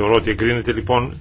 Θεωρώ ότι εγκρίνεται λοιπόν